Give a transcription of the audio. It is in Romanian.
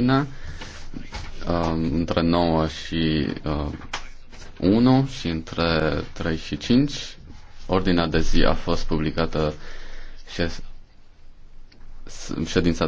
mâine, uh, între 9 și 1 uh, și între 3 și 5. Ordinea de zi a fost publicată și ședința